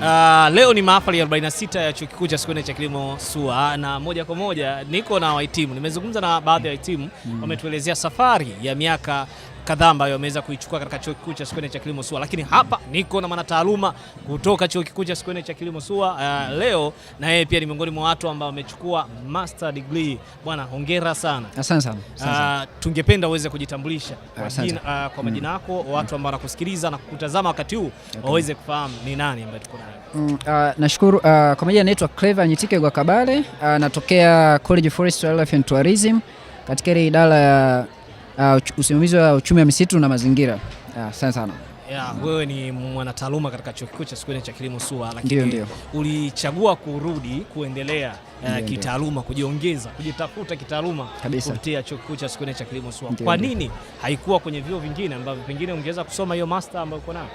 Uh, leo ni mahafali ya 46 ya Chuo Kikuu cha Sokoine cha Kilimo SUA, na moja kwa moja niko na wahitimu. Nimezungumza na baadhi ya wahitimu, mm. wametuelezea safari ya miaka kadhaa ambayo ameweza kuichukua katika chuo kikuu cha Sokoine cha kilimo SUA, lakini hapa niko na mwanataaluma kutoka chuo kikuu cha Sokoine cha kilimo SUA. Uh, leo na yeye pia ni miongoni mwa watu ambao wamechukua master degree. Bwana, hongera sana. Asante sana. Uh, tungependa uweze kujitambulisha kwa, uh, kwa majina mm. yako mm. watu ambao wanakusikiliza na kukutazama wakati huu okay. waweze kufahamu ni nani ambaye tuko naye. Mm, uh, nashukuru uh, kwa majina naitwa Clever Nyitike Gwakabale uh, natokea College of Forestry Wildlife and Tourism katika ile idara ya uh, uh, usimamizi wa uchumi wa misitu na mazingira. Ah, asante uh, sana Yeah, mm. Wewe ni mwanataaluma katika chuo kikuu cha Sokoine cha kilimo SUA, lakini ulichagua kurudi kuendelea uh, kitaaluma, kujiongeza, kujitafuta kitaaluma kupitia chuo kikuu cha Sokoine cha kilimo SUA. Kwa nini haikuwa kwenye vyuo vingine ambavyo pengine ungeweza kusoma hiyo master ambayo uko nayo?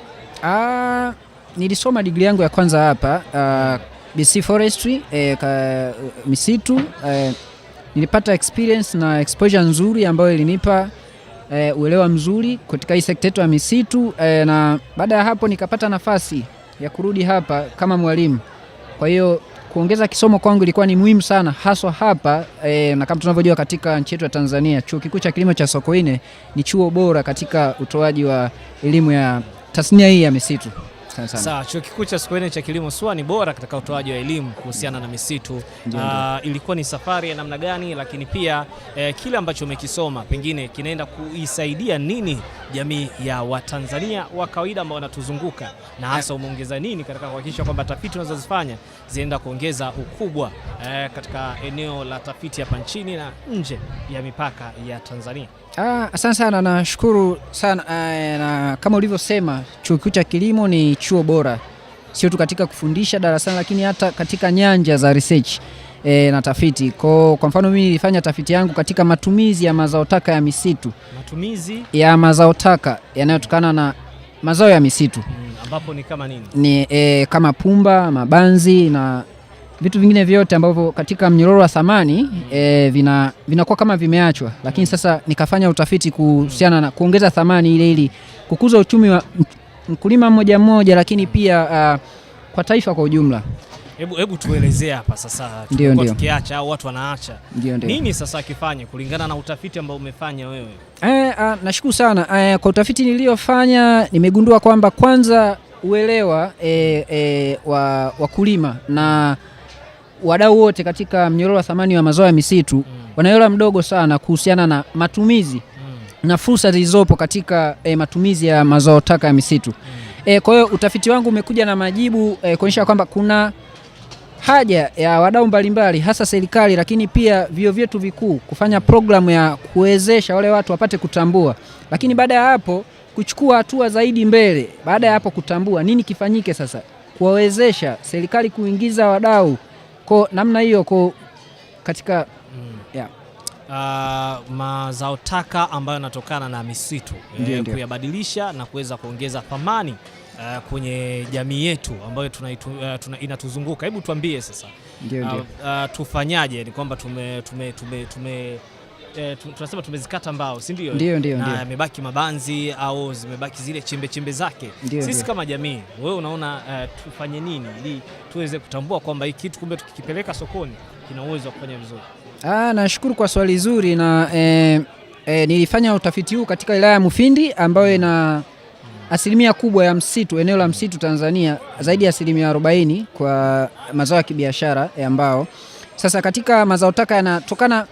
Ah, nilisoma digri yangu ya kwanza hapa uh, ah, BC Forestry eh, ka, misitu eh, nilipata experience na exposure nzuri ambayo ilinipa e, uelewa mzuri katika hii sekta yetu ya misitu e, na baada ya hapo nikapata nafasi ya kurudi hapa kama mwalimu. Kwa hiyo kuongeza kisomo kwangu ilikuwa ni muhimu sana haswa hapa e, na kama tunavyojua katika nchi yetu ya Tanzania, Chuo Kikuu cha Kilimo cha Sokoine ni chuo bora katika utoaji wa elimu ya tasnia hii ya misitu. Sawa, Chuo Kikuu cha Sokoine cha Kilimo SUA ni bora katika utoaji wa elimu kuhusiana na misitu. Uh, ilikuwa ni safari ya namna gani, lakini pia eh, kile ambacho umekisoma pengine kinaenda kuisaidia nini jamii ya Watanzania wa kawaida ambao wanatuzunguka, na hasa eh. umeongeza nini katika kuhakikisha kwamba tafiti unazozifanya zinaenda kuongeza ukubwa eh, katika eneo la tafiti hapa nchini na nje ya mipaka ya Tanzania? Ah, asante sana, nashukuru sana eh, na kama ulivyosema, Chuo Kikuu cha Kilimo ni chuo bora, sio tu katika kufundisha darasani, lakini hata katika nyanja za research E, na tafiti kwa, kwa mfano mimi nilifanya tafiti yangu katika matumizi ya mazao taka ya misitu, matumizi ya mazao taka yanayotokana na mazao ya misitu hmm, ambapo ni kama nini? Ni e, kama pumba, mabanzi na vitu vingine vyote ambavyo katika mnyororo wa thamani hmm, e, vina vinakuwa kama vimeachwa, lakini hmm. sasa nikafanya utafiti kuhusiana na kuongeza thamani ile ili kukuza uchumi wa, mkulima mmoja mmoja, lakini pia uh, kwa taifa kwa ujumla. Hebu hebu tuelezee hapa sasa, ndio tukiacha au watu wanaacha ndio, ndio. Nini sasa kifanye kulingana na utafiti ambao umefanya wewe? Eh, uh, nashukuru sana uh, kwa utafiti niliyofanya nimegundua kwamba kwanza uelewa eh, eh, wa wakulima na wadau wote katika mnyororo wa thamani wa mazao ya misitu mm. wanaelewa mdogo sana kuhusiana na matumizi na fursa zilizopo katika e, matumizi ya mazao taka ya misitu. E, kwa hiyo utafiti wangu umekuja na majibu e, kuonyesha kwamba kuna haja ya wadau mbalimbali hasa serikali, lakini pia vyuo vyetu vikuu kufanya programu ya kuwezesha wale watu wapate kutambua, lakini baada ya hapo kuchukua hatua zaidi mbele. Baada ya hapo kutambua, nini kifanyike sasa? Kuwawezesha serikali kuingiza wadau kwa namna hiyo, kwa katika uh, mazao taka ambayo yanatokana na misitu eh, kuyabadilisha na kuweza kuongeza thamani uh, kwenye jamii yetu ambayo tunaitu, uh, tuna, inatuzunguka. Hebu tuambie sasa ndiyo, ah, ndiyo. Uh, ah, uh, tufanyaje? Ni kwamba tume, tume, tume, tume E, tunasema tumezikata mbao si ndio? Ndio, ndio, na Yamebaki mabanzi au zimebaki zile chembe chembe zake. Ndiyo, sisi ndiyo. Kama jamii wewe unaona uh, tufanye nini ili tuweze kutambua kwamba hii kitu kumbe tukikipeleka sokoni kina uwezo wa kufanya vizuri? Ah, nashukuru kwa swali zuri na eh, eh, nilifanya utafiti huu katika wilaya ya Mufindi ambayo ina asilimia kubwa ya msitu, eneo la msitu Tanzania, zaidi ya asilimia 40 kwa mazao ya kibiashara ya mbao. Sasa katika mazao taka yanatokana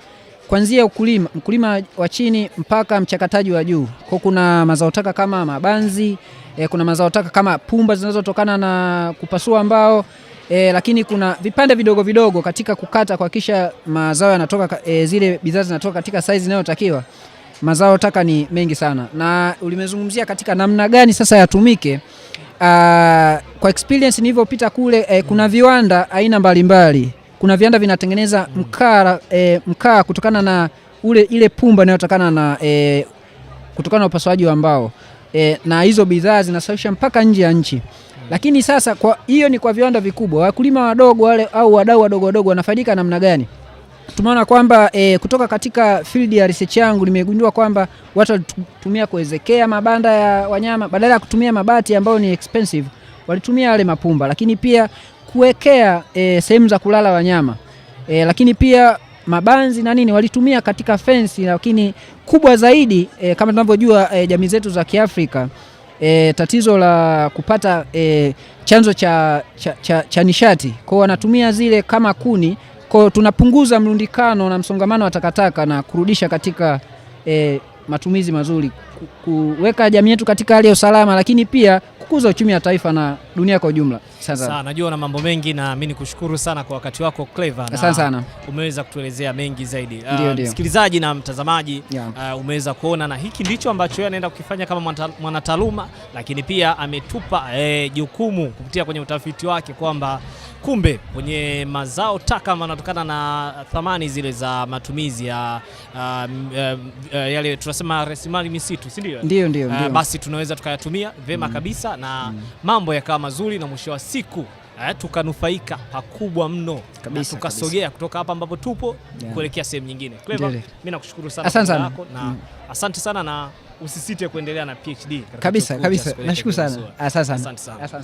kuanzia ukulima, mkulima wa chini mpaka mchakataji wa juu. Kwa kuna mazao taka kama mabanzi e, kuna mazao taka kama pumba zinazotokana na kupasua mbao e, lakini kuna vipande vidogo vidogo katika kukata kuhakikisha mazao yanatoka e, zile bidhaa zinatoka katika size inayotakiwa. Mazao taka ni mengi sana, na ulimezungumzia katika namna gani sasa yatumike. Uh, kwa experience nilivyopita kule eh, kuna viwanda aina mbalimbali mbali kuna viwanda vinatengeneza mkaa e, eh, mkaa kutokana na ule, ile pumba inayotokana na e, kutokana na upasuaji wa mbao e, na hizo bidhaa zinasafisha mpaka nje ya nchi. Lakini sasa kwa hiyo ni kwa viwanda vikubwa. Wakulima wadogo wale au wadau wadogo wadogo wanafaidika namna gani? Tumeona kwamba e, kutoka katika field ya research yangu nimegundua kwamba watu walitumia kuwezekea mabanda ya wanyama badala ya kutumia mabati ambayo ni expensive, walitumia yale mapumba. Lakini pia kuwekea e, sehemu za kulala wanyama e, lakini pia mabanzi na nini walitumia katika fensi, lakini kubwa zaidi e, kama tunavyojua e, jamii zetu za Kiafrika e, tatizo la kupata e, chanzo cha, cha, cha, cha nishati kwao wanatumia zile kama kuni kwao, tunapunguza mlundikano na msongamano wa takataka na kurudisha katika e, matumizi mazuri, kuweka jamii yetu katika hali ya usalama, lakini pia kukuza uchumi wa taifa na dunia kwa ujumla. Sana najua na mambo mengi, na mimi nikushukuru sana kwa wakati wako Clever, na sana sana umeweza kutuelezea mengi zaidi ah, msikilizaji uh, na mtazamaji yeah. uh, umeweza kuona na hiki ndicho ambacho yeye anaenda kukifanya kama mwanataaluma, lakini pia ametupa eh, jukumu kupitia kwenye utafiti wake kwamba kumbe kwenye mazao taka yanatokana na thamani zile za matumizi ya uh, uh, uh yale tunasema rasilimali misitu, si ndio? Ndio, ndio. Uh, basi tunaweza tukayatumia vema mm. kabisa na mm. mambo yakawa mazuri na mwisho wa siku Eh, tukanufaika pakubwa mno kabisa, tukasogea kutoka hapa ambapo tupo yeah, kuelekea sehemu nyingine. Clever, mimi nakushukuru sana asante sana. na mm. asante sana na usisite kuendelea na PhD kabisa kabisa, nashukuru sana asante sana.